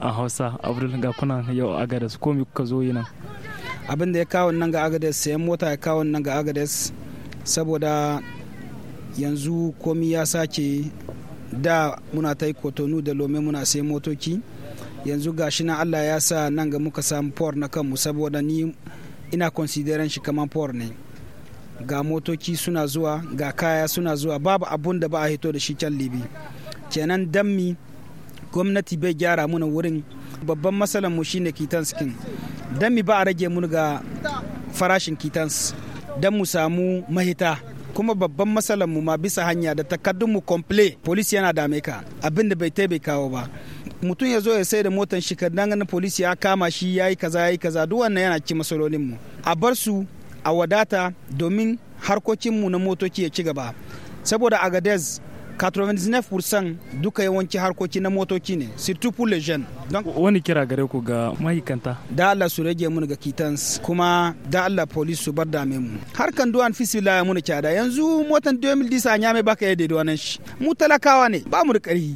a hausa abril ga kuna yau ko mi kuka zo yi nan abin da ya kawo nan ga agades sayan mota ya kawo nan ga agades saboda yanzu komi ya sake da muna ta yi kotonu da lome muna sai motoki yanzu gashi na allah ya sa nan ga muka samu por na kanmu saboda ni ina consideran shi kamar por ne ga motoki suna zuwa ga kaya suna zuwa babu abun da ba a hito da shi can libi kenan dammi gwamnati bai gyara muna wurin babban matsalar mu shine kitans kin dan mi ba a rage mun ga farashin kitans dan mu samu mahita kuma babban matsalar mu ma bisa hanya da takardun mu komple police yana dame ka abin da bai taimakawa ba mutum ya zo ya sai da motan shi kadan ganin polisi ya kama shi yayi kaza yayi kaza duk wannan yana ci masalolin mu a bar su a wadata domin harkokin mu na motoci ya ci gaba saboda agadez 99% duka yawanci harkoki na motoci ne surtout pour les jeunes wani kira gare ku ga mahikanta da Allah su rage mun ga kitans kuma da Allah police su bar dame mu harkan duwan fisila ya mun kyada yanzu motan 2010 a nyame baka yadda da wannan shi mu talakawa ne ba mu da karhi